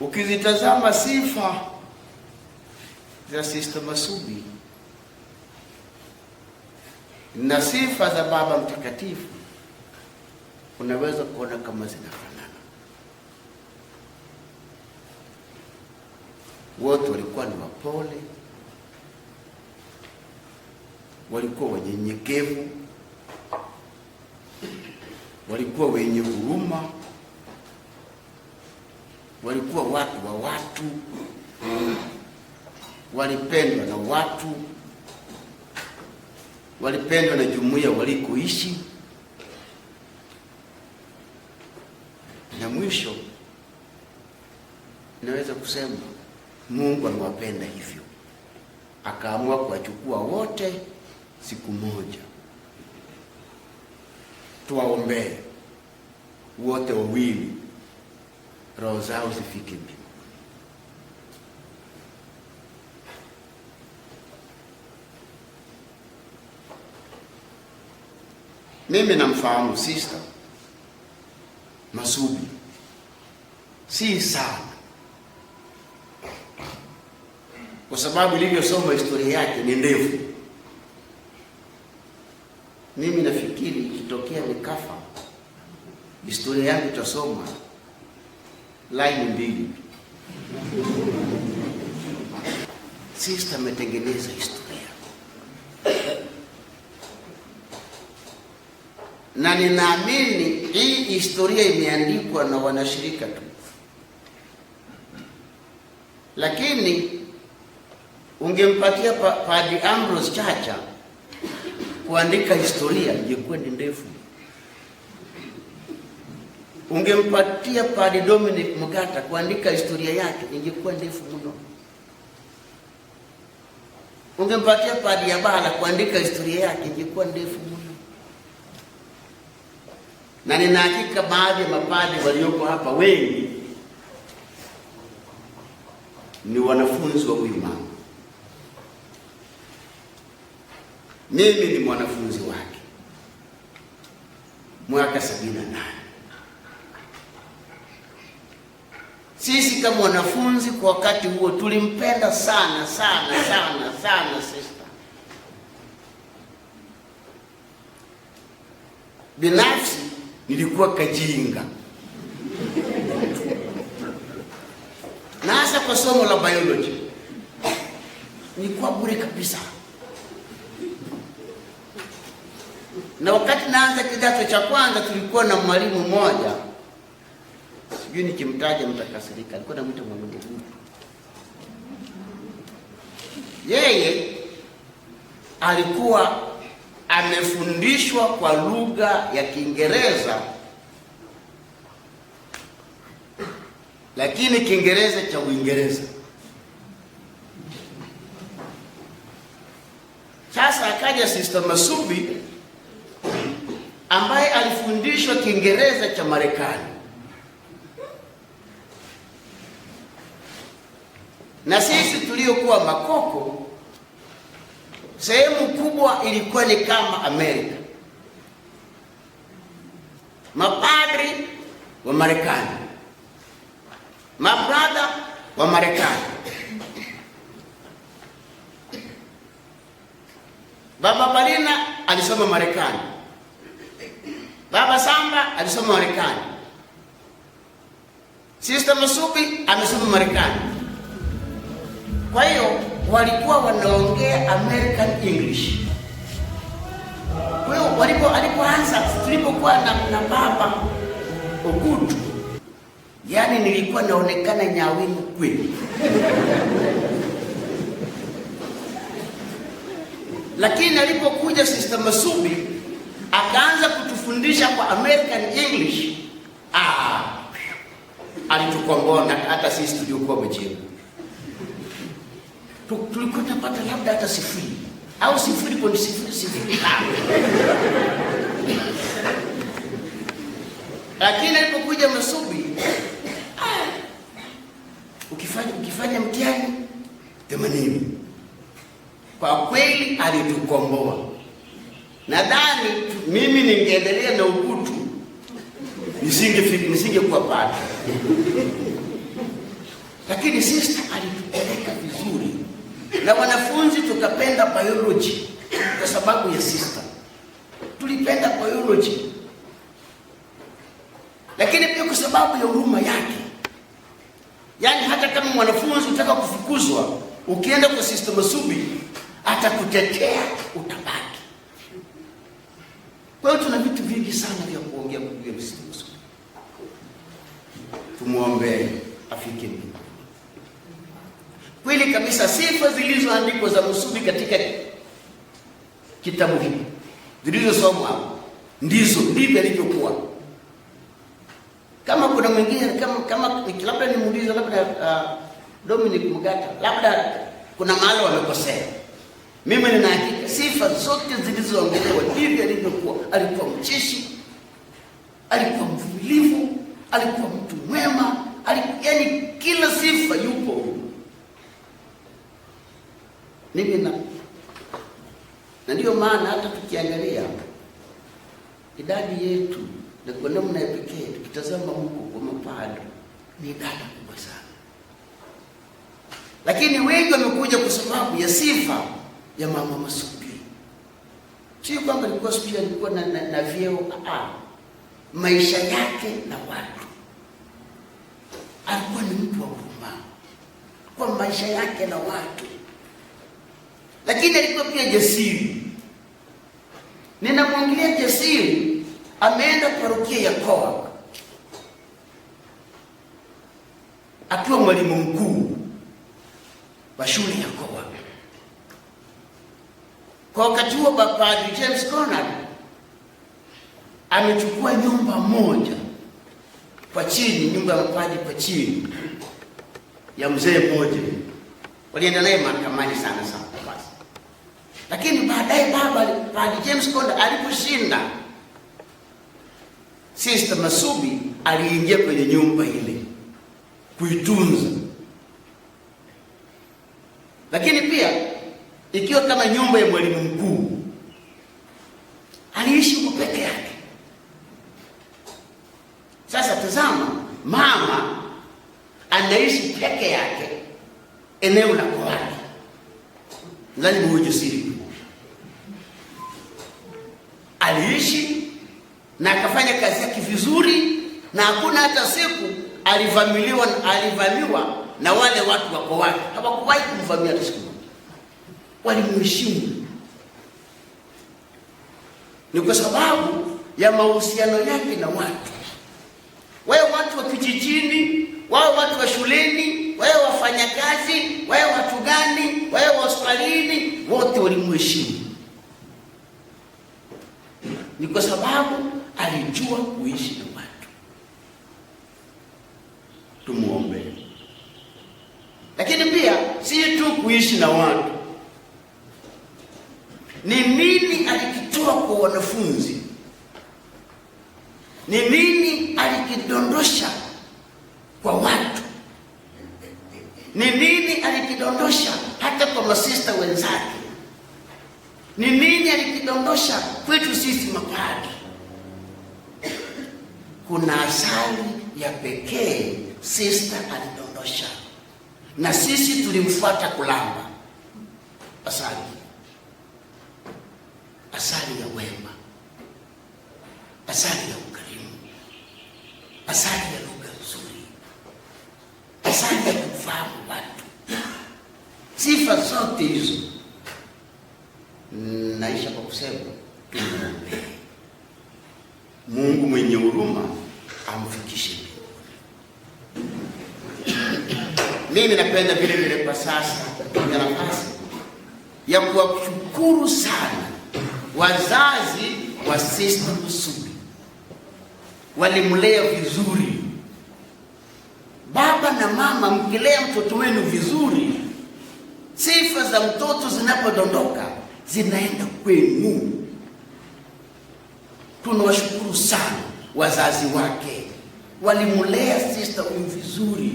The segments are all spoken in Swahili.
Ukizitazama sifa za Sista Masubi na sifa za Baba Mtakatifu unaweza kuona kama zinafanana. Wote walikuwa ni wapole, walikuwa wanyenyekevu, walikuwa wenye huruma walikuwa watu wa watu, walipendwa na watu, walipendwa na jumuiya walikoishi, na mwisho naweza kusema Mungu aliwapenda hivyo, akaamua kuwachukua wote siku moja. Tuwaombee wote wawili roho zao zifike mbinguni. Mimi namfahamu sister Masubi si sana, kwa sababu ilivyosoma historia yake ni ndefu. Mimi nafikiri ikitokea nikafa, historia yangu itasoma laini mbili Sista ametengeneza historia na ninaamini hii historia imeandikwa na wanashirika tu, lakini ungempatia Padre Ambrose Chacha kuandika historia ingekuwa ni ndefu ungempatia Padre Dominic Mugata kuandika historia yake ingekuwa ndefu mno. Ungempatia Padre Yabala kuandika historia yake ingekuwa ndefu mno, na nina hakika baadhi ya mapadre walioko hapa wengi ni wanafunzi wa huyu mama. Mimi ni mwanafunzi wake mwaka sabini na nane. Sisi kama wanafunzi kwa wakati huo tulimpenda sana sana sana sana sister. Binafsi nilikuwa kajinga na hasa kwa somo la biology nilikuwa bure kabisa, na wakati naanza kidato cha kwanza tulikuwa na mwalimu mmoja sijui nikimtaja mtakasirika, alikuwa namwita Mwenyezi Mungu. Yeye alikuwa amefundishwa kwa lugha ya Kiingereza, lakini Kiingereza cha Uingereza. Sasa akaja Sister Masubi ambaye alifundishwa Kiingereza cha Marekani. na sisi tuliokuwa makoko, sehemu kubwa ilikuwa ni kama Amerika, mapadri wa Marekani, mabradha wa Marekani, Baba Balina alisoma Marekani, Baba Samba alisoma Marekani, Sister Masubi amesoma Marekani. Kwa hiyo walikuwa wanaongea American English. Kwa hiyo walipo alipoanza tulipokuwa na, na baba Ogutu, yaani nilikuwa naonekana nyawingu kweli lakini alipokuja Sister Masubi akaanza kutufundisha kwa American English, ah, alitukomboa hata sisi tuliokuwa mjini tulikuwa tunapata labda hata sifuri au sifuri pointi sifuri sifuri lakini alipokuja Masubi ah, ukifanya ukifanya mtihani themanini, kwa kweli alitukomboa. Nadhani mimi ningeendelea na ukutu nisingefika nisingekuwa pale, lakini sister alitupeleka vizuri na wanafunzi tukapenda biology kwa sababu ya sister, tulipenda biology, lakini pia kwa sababu ya huruma yake. Yaani hata kama mwanafunzi utaka kufukuzwa, ukienda kwa sister Masubi atakutetea, utabaki. Kwa hiyo tuna vitu vingi sana vya kuongea kwa sister Masubi. Tumwombee afike mbinguni. Kweli kabisa, sifa zilizoandikwa za musubi katika kitabu hiki zilizosomwa ndizo ndivyo alivyokuwa. Kama kuna mwingine kama, kama labda nimuulize labda uh, Dominic Mugata labda kuna mahali wamekosea. Mimi nina hakika sifa zote zilizoongelewa ndivyo alivyokuwa. Alikuwa mcheshi, alikuwa mvumilivu, alikuwa mtu mwema, alikuwa yani kila sifa yupo. Mimi na na ndiyo maana hata tukiangalia idadi yetu na kwa namna ya pekee tukitazama huko kwa mapado ni idadi kubwa sana, lakini wengi wamekuja kwa sababu ya sifa ya mama Masubi. si kwamba alikuwa Subi alikuwa na, na, na vyeo a maisha yake na watu, alikuwa ni mtu wa huruma kwa maisha yake na watu lakini alikuwa pia jasiri. Ninamwangalia jasiri, ameenda parokia ya Koa akiwa mwalimu mkuu wa shule ya Koa. Kwa wakati huo Padri James Conrad amechukua nyumba moja kwa chini, nyumba ya mapadri kwa chini ya mzee mmoja, naye mahakamani sana sana lakini baadaye baba Padre James Konda aliposhinda, Sister Masubi aliingia kwenye nyumba ile kuitunza, lakini pia ikiwa kama nyumba ya mwalimu mkuu, aliishi huko peke yake. Sasa tazama, mama anaishi peke yake eneo la kwake, lazima ujasiri aliishi na akafanya kazi yake vizuri, na hakuna hata siku alivamiwa, alivamiwa na wale watu wako wake, hawakuwahi kumvamia hata siku moja, walimheshimu. Ni kwa sababu ya mahusiano yake na watu, Wewe watu wa kijijini, wao watu wa shuleni, wewe wafanyakazi, wewe watu gani, wawe hospitalini, wote walimheshimu ni kwa sababu alijua kuishi na watu. Tumuombe. Lakini pia si tu kuishi na watu, ni nini alikitoa kwa wanafunzi? Ni nini alikidondosha kwa watu? Ni nini alikidondosha hata kwa masista wenzake? ni nini alikidondosha kwetu sisi mapadri. Kuna asali ya pekee sister alidondosha, na sisi tulimfuata kulamba asali, asali ya wema, asali ya ukarimu, asali ya lugha nzuri, asali ya kufahamu watu, sifa zote hizo naisha kwa kusema Mungu mwenye huruma amfikishe. Mimi napenda vile vile kwa sasa kutumia nafasi ya kuwashukuru sana wazazi wa sista usubi walimlea vizuri. Baba na mama, mkilea mtoto wenu vizuri, sifa za mtoto zinapodondoka zinaenda kwenu. Tunawashukuru sana wazazi wake, walimulea sister huyu vizuri.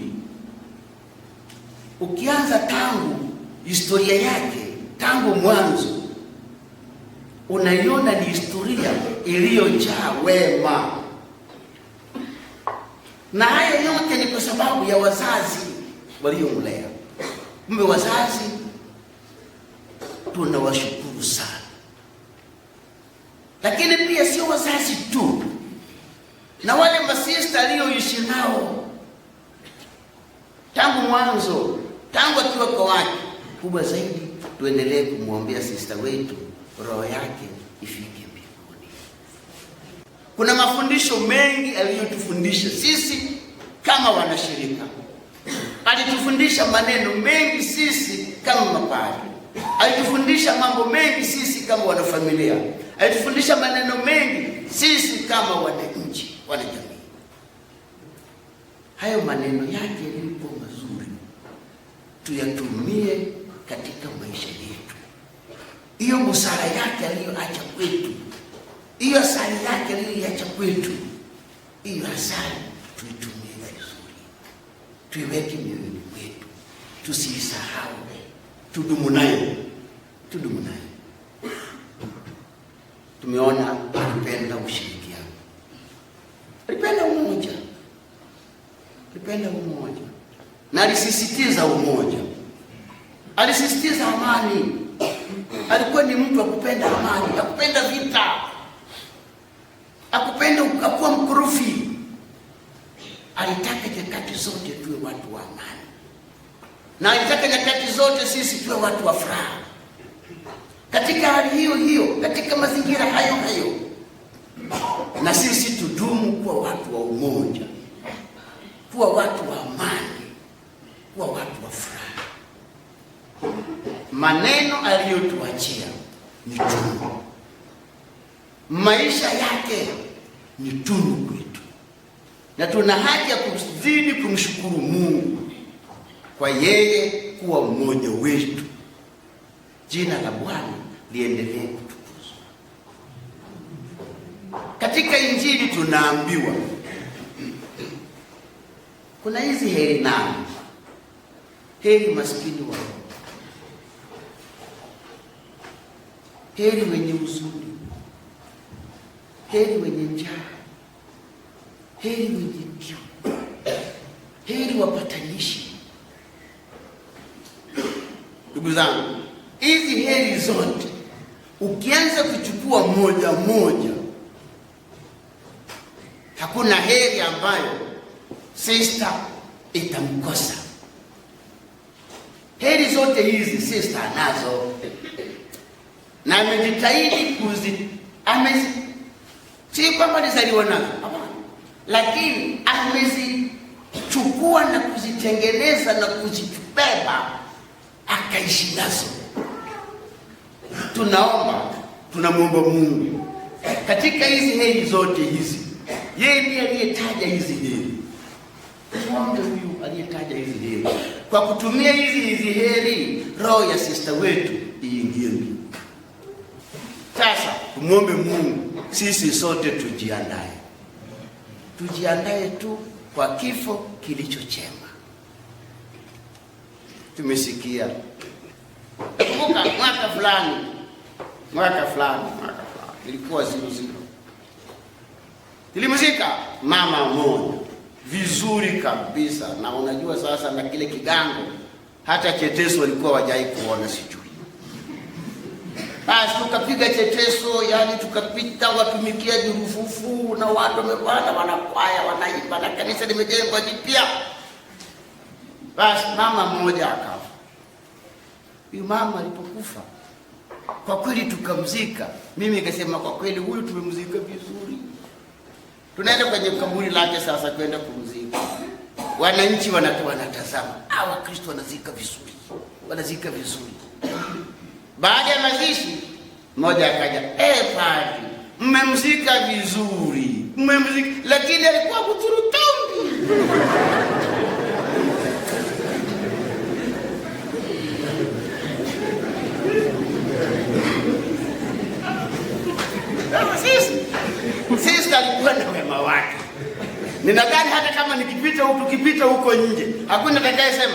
Ukianza tangu historia yake tangu mwanzo, unaiona ni historia iliyojaa wema, na haya yote ni kwa sababu ya wazazi waliomlea. Mbe, wazazi tunawashukuru sana, lakini pia sio wazazi tu, na wale masista aliyoishi nao tangu mwanzo, tangu akiwa kwa wake kubwa zaidi. Tuendelee kumwombea sista wetu, roho yake ifike mbinguni. Kuna mafundisho mengi aliyotufundisha sisi kama wanashirika, alitufundisha maneno mengi sisi kama mapadri Alitufundisha mambo mengi sisi kama wanafamilia, alitufundisha maneno mengi sisi kama wananchi, wanajamii. Hayo maneno yake yalikuwa mazuri, tuyatumie katika maisha yetu. Hiyo busara yake aliyoacha kwetu, hiyo asali yake aliyoacha kwetu, hiyo asali tuitumie vizuri, tuiweke mioyoni mwetu, tusiisahau, tudumu nayo tudumu naye. Tumeona alipenda ushirikiano, alipenda umoja, alipenda umoja na alisisitiza umoja, alisisitiza amani. Alikuwa ni mtu akupenda amani, akupenda vita, akupenda akuwa mkurufi. Alitaka nyakati zote tuwe watu wa amani, na alitaka nyakati zote sisi tuwe watu wa furaha katika hali hiyo hiyo, katika mazingira hayo hayo, na sisi tudumu kuwa watu wa umoja, kuwa watu wa amani, kuwa watu wa furaha. Maneno aliyotuachia ni tunu, maisha yake ni tunu kwetu, na tuna haja kuzidi kumshukuru Mungu kwa yeye kuwa mmoja wetu. Jina la Bwana liendelee kutukuzwa. Katika Injili tunaambiwa kuna hizi heri nane, heri maskini wa roho, heri wenye huzuni, heri wenye njaa, heri wenye kiu, heri wapatanishi. Ndugu zangu, hizi heri zote ukianza kuchukua moja moja, hakuna heri ambayo sista itamkosa. Heri zote hizi sista anazo na amejitahidi kuzi amezi, si kwamba nizaliwa nazo lakini amezichukua na kuzitengeneza na kuzibeba akaishi nazo tunaomba tunamwomba Mungu katika hizi heri zote hizi, yeye ndiye aliyetaja hizi heri. Tuombe huyu aliyetaja hizi heri, kwa kutumia hizi hizi heri roho ya sista wetu iingie Sasa tumwombe Mungu, sisi sote tujiandae, tujiandae tu kwa kifo kilicho chema. Tumesikia, kumbuka mwaka fulani mwaka fulani, mwaka fulani ilikuwa zero zero. Nilimzika mama moja vizuri kabisa, na unajua sasa, na kile kigango hata cheteso walikuwa wajai kuona sijui. Basi tukapiga cheteso, yani tukapita watumikia jurufufu na watu wamebana, wanakwaya wanaimba na kanisa limejengwa jipya. Basi mama mmoja akafa. Huyu mama alipokufa kwa kweli tukamzika. Mimi nikasema kwa kweli huyu tumemzika vizuri, tunaenda kwenye kaburi lake sasa kwenda kumzika. Wananchi wanatu wanatazama, ah, Kristo wanazika vizuri, wanazika vizuri. Baada ya mazishi, mmoja akaja, eh, padri, mmemzika vizuri, mmemzika, lakini alikuwa kuturutumbi sisi alikuwa na wema wake. Ninadhani hata kama nikipita tukipita huko nje hakuna atakayesema